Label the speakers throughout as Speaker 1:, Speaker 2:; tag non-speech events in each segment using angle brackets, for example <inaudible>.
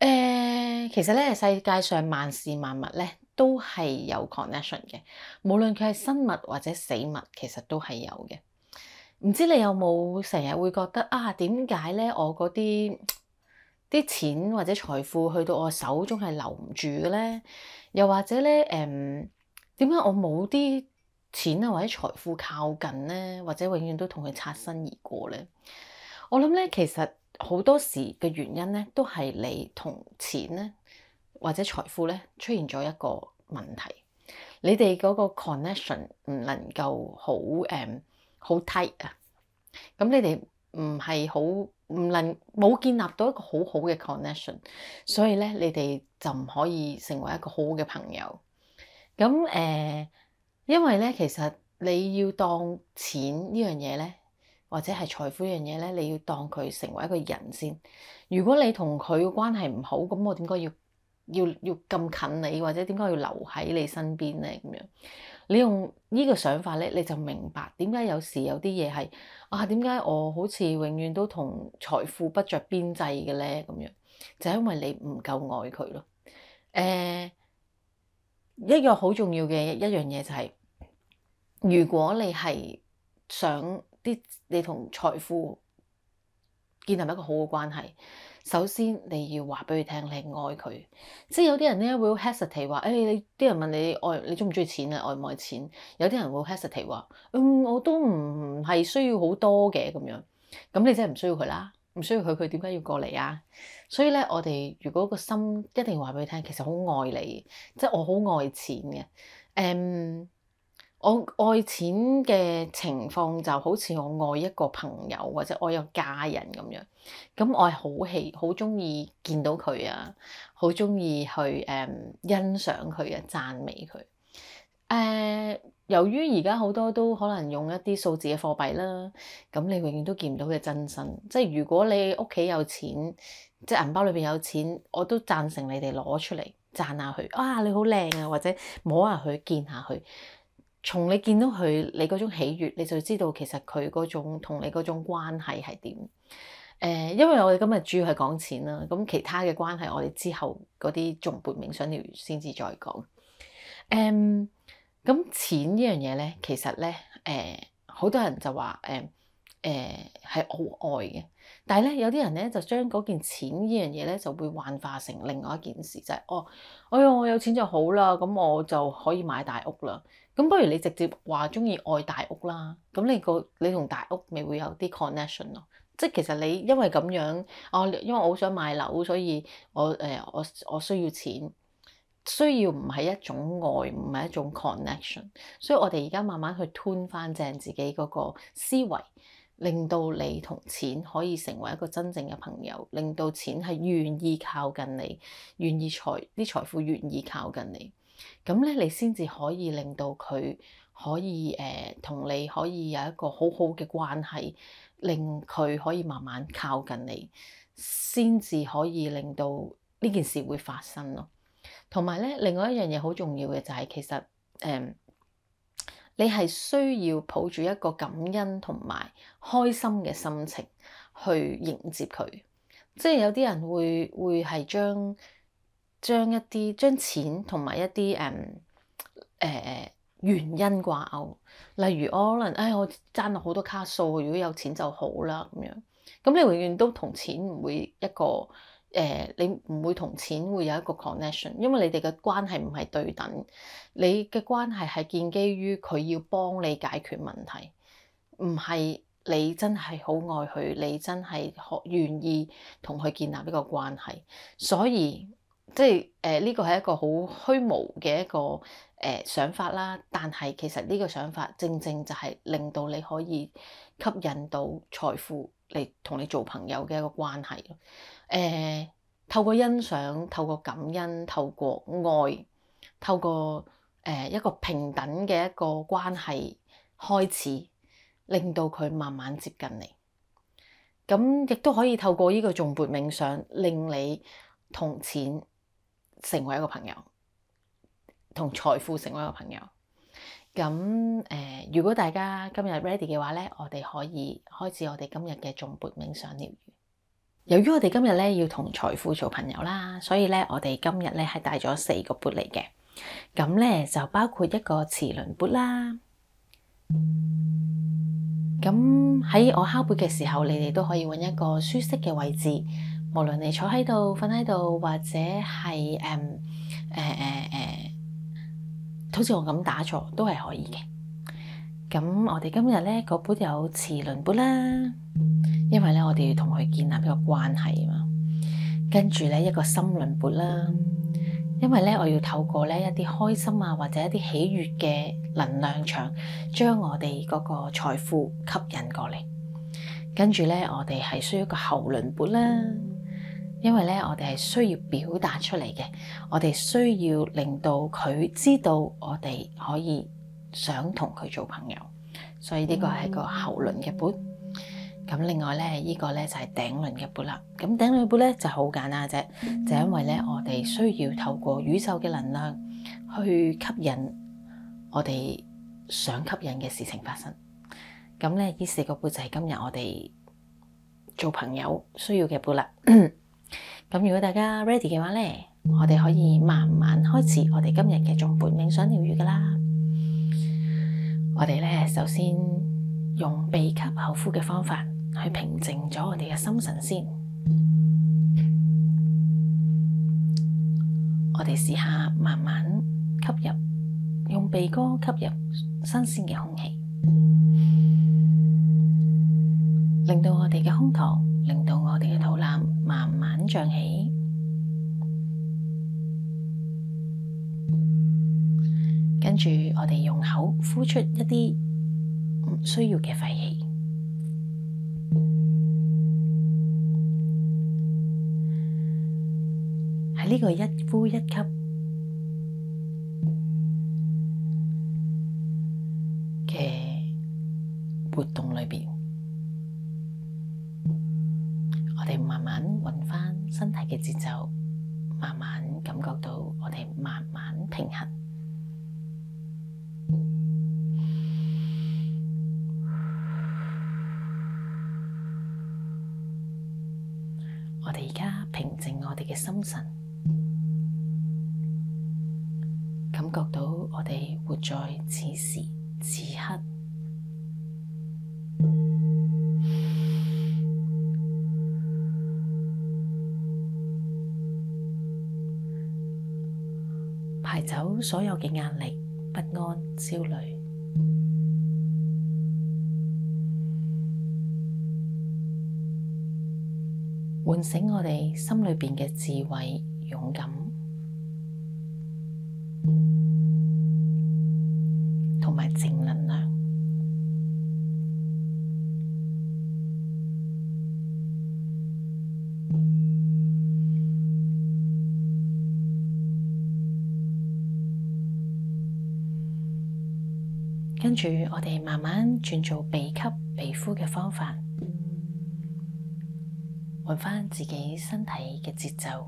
Speaker 1: 誒、嗯，其實咧，世界上萬事萬物咧，都係有 connection 嘅。無論佢係生物或者死物，其實都係有嘅。唔知你有冇成日會覺得啊？點解咧，我嗰啲啲錢或者財富去到我手中係留唔住嘅咧？又或者咧，誒、嗯，點解我冇啲錢啊或者財富靠近咧，或者永遠都同佢擦身而過咧？我諗咧，其實。好多時嘅原因咧，都係你同錢咧，或者財富咧，出現咗一個問題，你哋嗰個 connection 唔能夠好誒好 tight 啊，咁你哋唔係好唔能冇建立到一個好好嘅 connection，所以咧，你哋就唔可以成為一個好嘅朋友。咁誒、呃，因為咧，其實你要當錢呢樣嘢咧。或者係財富一樣嘢咧，你要當佢成為一個人先。如果你同佢嘅關係唔好，咁我點解要要要咁近你，或者點解要留喺你身邊咧？咁樣你用呢個想法咧，你就明白點解有時有啲嘢係啊，點解我好似永遠都同財富不着邊際嘅咧？咁樣就係、是、因為你唔夠愛佢咯。誒、呃，一樣好重要嘅一樣嘢就係、是，如果你係想。啲你同財富建立一個好好關係，首先你要話俾佢聽，你愛佢。即係有啲人咧會 hesitate 話，誒、哎、你啲人問你，你愛你鍾唔鍾意錢啊，愛唔愛錢？有啲人會 hesitate 話，嗯，我都唔係需要好多嘅咁樣。咁你真係唔需要佢啦，唔需要佢，佢點解要過嚟啊？所以咧，我哋如果個心一定要話俾佢聽，其實好愛你，即係我好愛錢嘅，誒、um,。我愛錢嘅情況，就好似我愛一個朋友或者我有家人咁樣，咁我係好喜好中意見到佢啊，好中意去誒、嗯、欣賞佢啊，讚美佢。誒、呃，由於而家好多都可能用一啲數字嘅貨幣啦，咁你永遠都見唔到佢嘅真身。即係如果你屋企有錢，即係銀包裏邊有錢，我都贊成你哋攞出嚟贊下佢。啊，你好靚啊，或者摸下佢，見下佢。從你見到佢，你嗰種喜悅，你就知道其實佢嗰種同你嗰種關係係點、呃。因為我哋今日主要係講錢啦，咁其他嘅關係我哋之後嗰啲頌缽冥想先至再講。誒、嗯，咁錢呢樣嘢咧，其實咧，誒、呃，好多人就話誒誒係好愛嘅，但係咧有啲人咧就將嗰件錢件呢樣嘢咧就會幻化成另外一件事，就係、是、哦，哎呀我有錢就好啦，咁我就可以買大屋啦。咁不如你直接話鍾意愛大屋啦，咁你個你同大屋咪會有啲 connection 咯，即係其實你因為咁樣，啊、哦，因為我好想買樓，所以我誒、呃、我我需要錢，需要唔係一種愛，唔係一種 connection，所以我哋而家慢慢去 turn 返正自己嗰個思維，令到你同錢可以成為一個真正嘅朋友，令到錢係願意靠近你，願意財啲財富願意靠近你。咁咧，你先至可以令到佢可以誒同、呃、你可以有一個好好嘅關係，令佢可以慢慢靠近你，先至可以令到呢件事會發生咯。同埋咧，另外一樣嘢好重要嘅就係、是，其實誒、呃，你係需要抱住一個感恩同埋開心嘅心情去迎接佢。即係有啲人會會係將。將一啲將錢同埋一啲誒誒原因掛鈎，例如我可能誒我爭到好多卡數，如果有錢就好啦咁樣。咁你永遠都同錢唔會一個誒、呃，你唔會同錢會有一個 connection，因為你哋嘅關係唔係對等，你嘅關係係建基於佢要幫你解決問題，唔係你真係好愛佢，你真係學願意同佢建立呢個關係，所以。即係誒呢個係一個好虛無嘅一個誒、呃、想法啦，但係其實呢個想法正正就係令到你可以吸引到財富嚟同你做朋友嘅一個關係。誒、呃、透過欣賞、透過感恩、透過愛、透過誒、呃、一個平等嘅一個關係開始，令到佢慢慢接近你。咁亦都可以透過呢個頌缽冥想，令你同錢成為一個朋友，同財富成為一個朋友。咁誒、呃，如果大家今日 ready 嘅話咧，我哋可以開始我哋今日嘅頌缽冥想療癒。由於我哋今日咧要同財富做朋友啦，所以咧我哋今日咧係帶咗四個缽嚟嘅。咁咧就包括一個磁輪缽啦。咁喺我敲缽嘅時候，你哋都可以揾一個舒適嘅位置。無論你坐喺度，瞓喺度，或者係誒誒誒誒，好似，嗯嗯嗯嗯，我咁打坐都係可以嘅。咁我哋今日咧，嗰本有慈輪缽啦，因為咧我哋要同佢建立一個關係啊嘛。跟住咧一個心輪缽啦，因為咧我要透過咧一啲開心啊或者一啲喜悅嘅能量場，將我哋嗰個財富吸引過嚟。跟住咧我哋係需要一個喉輪缽啦。因為咧，我哋係需要表達出嚟嘅，我哋需要令到佢知道我哋可以想同佢做朋友，所以呢個係個喉輪嘅缽。咁另外咧，呢個咧就係頂輪嘅缽啦。咁頂輪缽咧就好簡單啫，就因為咧我哋需要透過宇宙嘅能量去吸引我哋想吸引嘅事情發生。咁咧，呢四個缽就係今日我哋做朋友需要嘅缽啦。 <coughs> 咁如果大家 ready 嘅話咧，我哋可以慢慢開始我哋今日嘅頌缽冥想療癒㗎啦。我哋咧首先用鼻吸口呼嘅方法去平靜咗我哋嘅心神先。我哋試下慢慢吸入，用鼻哥吸入新鮮嘅空氣。令到我哋嘅胸膛，令到我哋嘅肚腩慢慢漲起，跟住我哋用口呼出一啲唔需要嘅廢氣，喺呢個一呼一吸。我哋而家平靜我哋嘅心神，感覺到我哋活在此時此刻，排走所有嘅壓力、不安、焦慮。喚醒我哋心裏邊嘅智慧、勇敢，同埋正能量。跟住，我哋慢慢轉做鼻吸鼻呼嘅方法。揾返自己身體嘅節奏，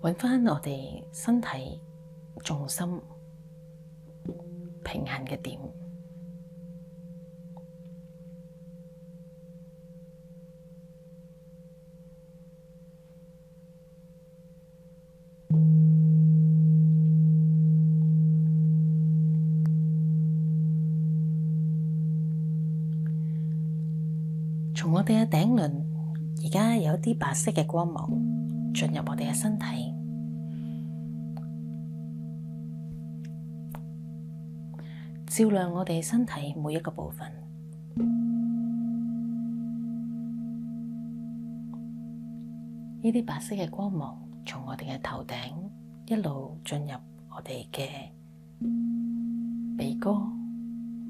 Speaker 1: 揾返我哋身體重心平衡嘅點。我哋嘅頂輪而家有啲白色嘅光芒進入我哋嘅身體，照亮我哋身體每一個部分。呢啲白色嘅光芒從我哋嘅頭頂一路進入我哋嘅鼻哥、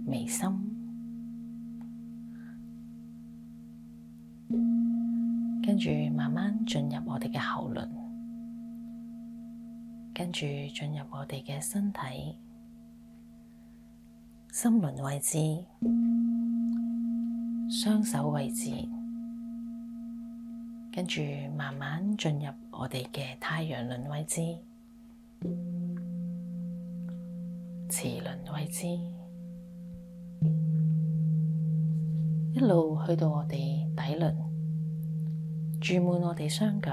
Speaker 1: 眉心。跟住慢慢進入我哋嘅喉輪，跟住進入我哋嘅身體心輪位置、雙手位置，跟住慢慢進入我哋嘅太陽輪位置、臍輪位置，一路去到我哋底輪。注滿我哋雙腳，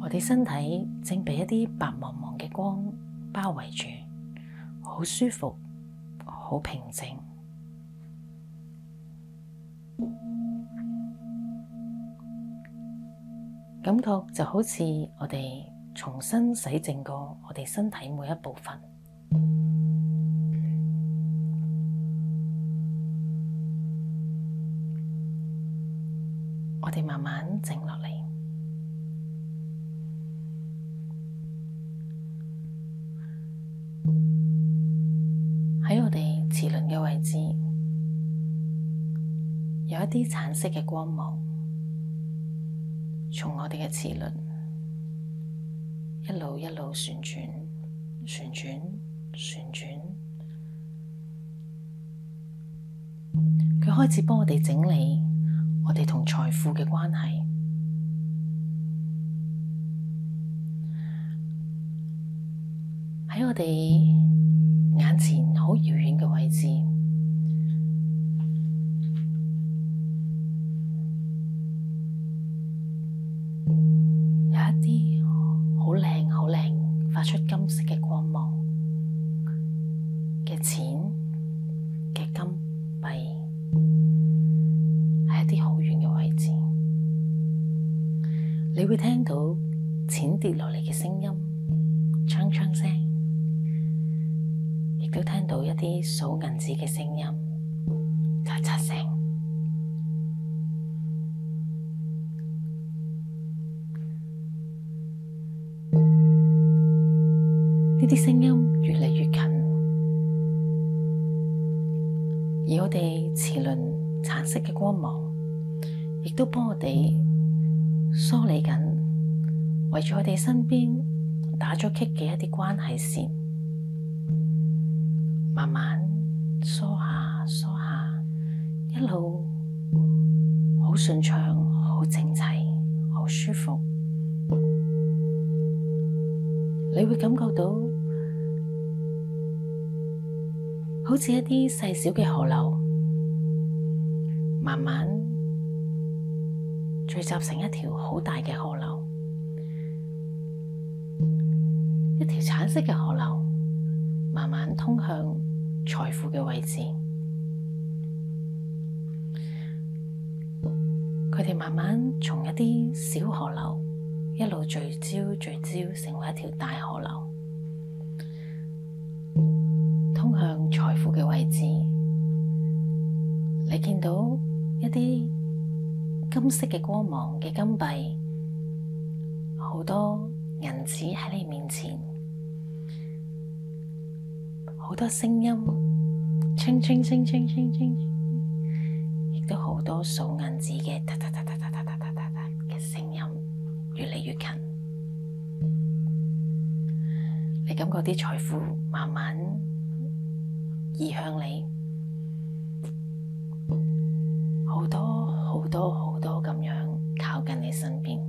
Speaker 1: 我哋身體正被一啲白茫茫嘅光包圍住，好舒服，好平靜，感覺就好似我哋重新洗淨過我哋身體每一部分。啲橙色嘅光芒從我哋嘅臍輪一路一路旋轉、旋轉、旋轉，佢開始幫我哋整理我哋同財富嘅關係，喺我哋眼前好遙遠。都聽到一啲數銀子嘅聲音，嚓嚓聲。呢啲聲音越嚟越近，而我哋臍輪橙色嘅光芒，亦都幫我哋梳理緊圍住我哋身邊打咗結嘅一啲關係線。慢慢梳下梳下，一路好順暢、好整齊、好舒服。你會感覺到好似一啲細小嘅河流，慢慢聚集成一條好大嘅河流，一條橙色嘅河流，慢慢通向財富嘅位置，佢哋慢慢從一啲小河流，一路聚焦聚焦，成為一條大河流，通向財富嘅位置。你見到一啲金色嘅光芒嘅金幣，好多銀紙喺你面前。好多聲音，清清清清清清，亦都好多數銀子嘅噠噠噠噠噠噠噠噠噠嘅聲音，越嚟越近。你感覺啲財富慢慢移向你，好多好多好多咁樣靠近你身邊，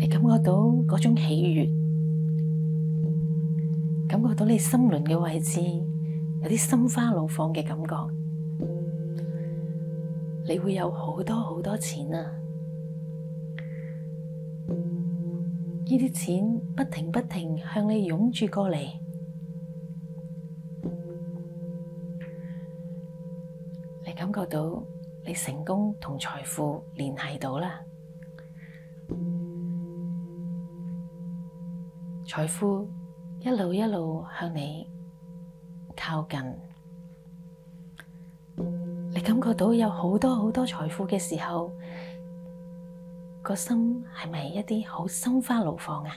Speaker 1: 你感覺到嗰種喜悅。感覺到你心輪嘅位置有啲心花怒放嘅感覺，你會有好多好多錢啊！呢啲錢不停不停向你湧住過嚟，你感覺到你成功同財富聯繫到啦，財富。一路一路向你靠近，你感覺到有好多好多財富嘅時候，個心係咪一啲好心花怒放啊？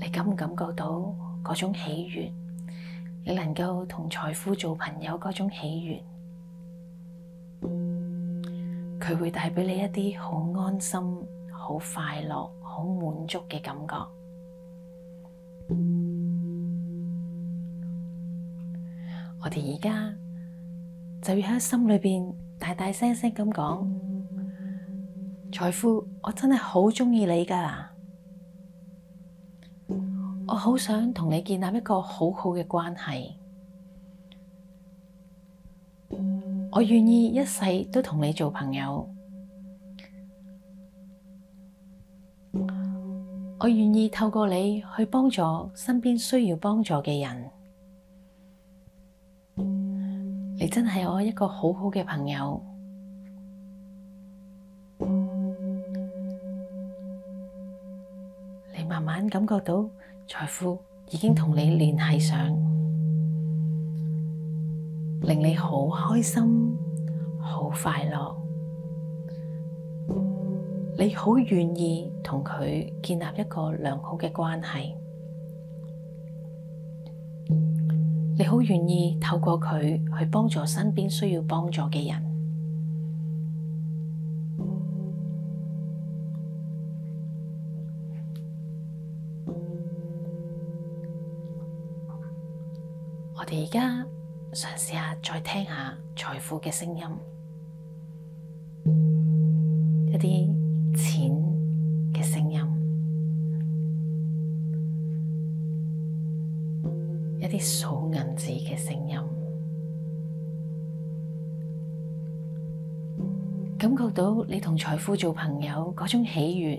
Speaker 1: 你感唔感覺到嗰種喜悦？你能夠同財富做朋友嗰種喜悦，佢會帶畀你一啲好安心、好快樂、好滿足嘅感覺。而家就要喺心裏邊大大聲聲咁講，財富，我真係好鍾意你噶，我好想同你建立一個好好嘅關係，我願意一世都同你做朋友，我願意透過你去幫助身邊需要幫助嘅人。你真係我一個好好嘅朋友，你慢慢感覺到財富已經同你聯繫上，令你好開心、好快樂，你好願意同佢建立一個良好嘅關係，你好願意透過佢。去幫助身邊需要幫助嘅人。 <noise> 我哋而家嘗試下再聽下財富嘅聲音，一啲錢嘅聲音，一啲數銀紙嘅聲音。音感覺到你同財富做朋友嗰種喜悦，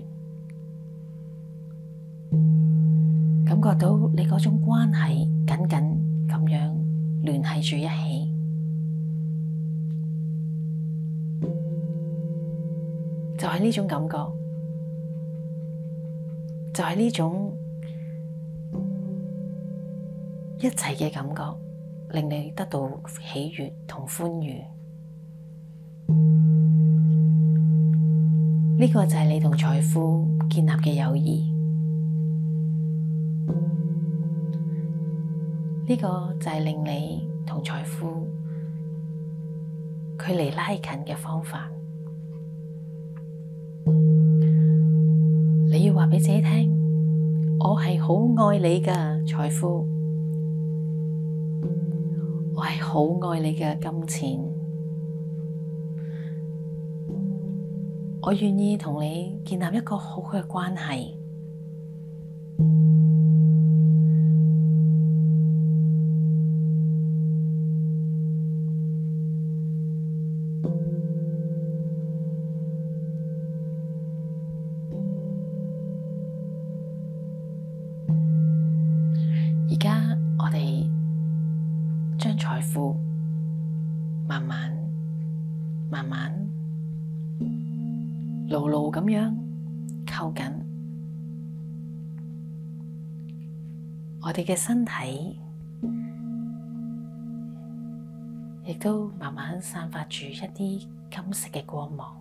Speaker 1: 感覺到你嗰種關係緊緊咁樣聯繫住一起，就係呢種感覺，就係呢種一齊嘅感覺，令你得到喜悦同歡愉。呢個就係你同財富建立嘅友誼，呢、這個就係令你同財富距離拉近嘅方法。你要話俾自己聽，我係好愛你㗎，財富，我係好愛你㗎，金錢。我願意同你建立一個好好嘅關係。你嘅身體亦都慢慢散發住一啲金色嘅光芒，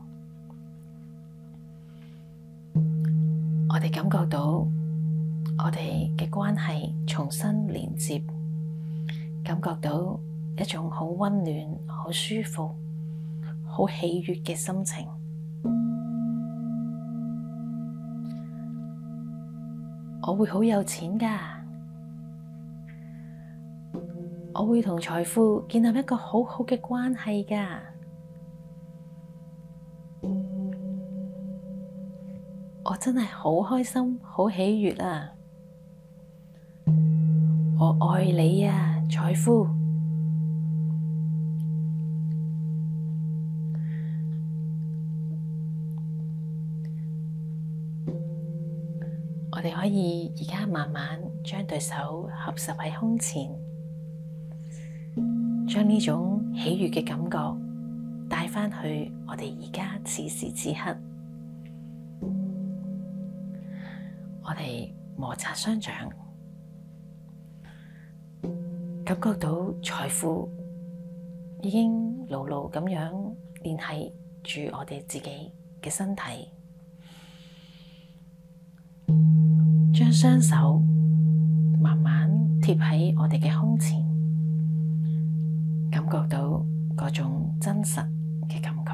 Speaker 1: 我哋感覺到我哋嘅關係重新連接，感覺到一種好溫暖、好舒服、好喜悅嘅心情。我會好有錢㗎！我會同財富建立一個好好嘅關係噶，我真係好開心、好喜悅啊！我愛你啊，財富！我哋可以而家慢慢將對手合十喺胸前。將呢種喜悅嘅感覺帶返去我哋而家此時此刻，我哋摩擦雙掌，感覺到財富已經牢牢咁樣聯繫住我哋自己嘅身體，將雙手慢慢貼喺我哋嘅胸前。感覺到嗰種真實嘅感覺。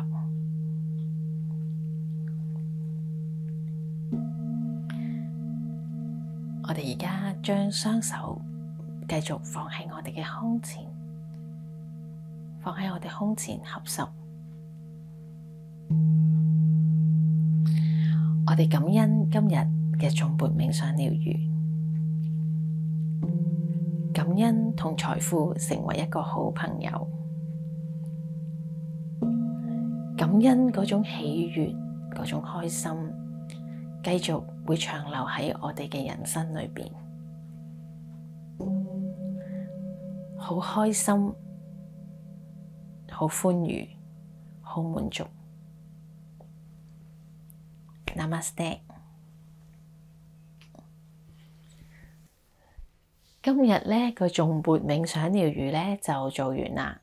Speaker 1: 我哋而家將雙手繼續放喺我哋嘅胸前，放喺我哋胸前合十。我哋感恩今日嘅頌缽冥想療癒。感恩同財富成為一個好朋友，感恩嗰種喜悅、嗰種開心，繼續會長留喺我哋嘅人生裏邊，好開心、好歡愉、好滿足。Namaste。今日咧個頌缽冥想療癒咧就做完啦。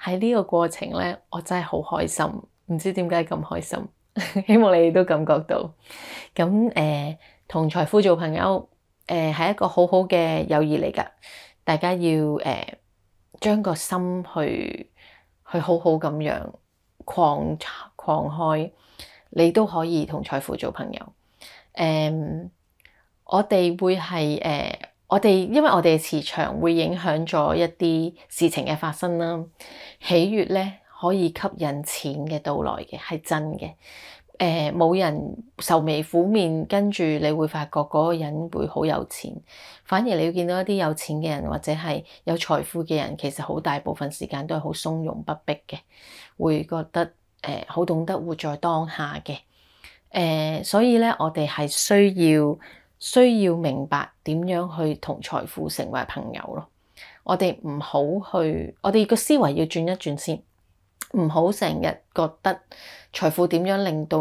Speaker 1: 喺呢個過程咧，我真係好開心，唔知點解咁開心。希望你哋都感覺到。咁誒、呃，同財富做朋友誒，係、呃、一個好好嘅友誼嚟㗎。大家要誒、呃，將個心去去好好咁樣擴擴開，你都可以同財富做朋友。誒、呃，我哋會係誒。呃我哋因為我哋嘅磁場會影響咗一啲事情嘅發生啦，喜悅咧可以吸引錢嘅到來嘅，係真嘅。誒、呃，冇人愁眉苦面，跟住你會發覺嗰個人會好有錢。反而你要見到一啲有錢嘅人或者係有財富嘅人，其實好大部分時間都係好從容不迫嘅，會覺得誒好、呃、懂得活在當下嘅。誒、呃，所以咧我哋係需要。需要明白點樣去同財富成為朋友咯。我哋唔好去，我哋個思維要轉一轉先，唔好成日覺得財富點樣令到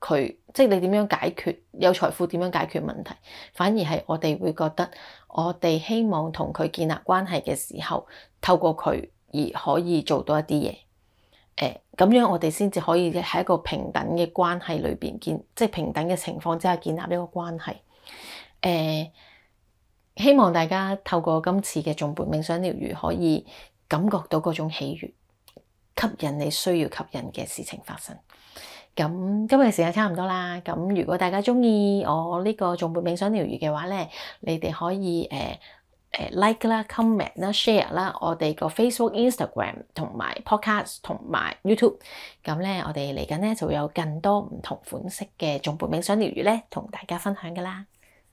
Speaker 1: 佢，即係你點樣解決有財富點樣解決問題，反而係我哋會覺得我哋希望同佢建立關係嘅時候，透過佢而可以做到一啲嘢。誒，咁樣我哋先至可以喺一個平等嘅關係裏邊建，即係平等嘅情況之下建立一個關係。誒、呃，希望大家透過今次嘅頌缽冥想療癒，可以感覺到嗰種喜悅，吸引你需要吸引嘅事情發生。咁今日時間差唔多啦，咁如果大家中意我呢個頌缽冥想療癒嘅話咧，你哋可以誒誒、呃呃、like 啦、comment 啦、share 啦，我哋個 Facebook、Instagram 同埋 Podcast 同埋 YouTube。咁咧，我哋嚟緊咧就會有更多唔同款式嘅頌缽冥想療癒咧，同大家分享㗎喇。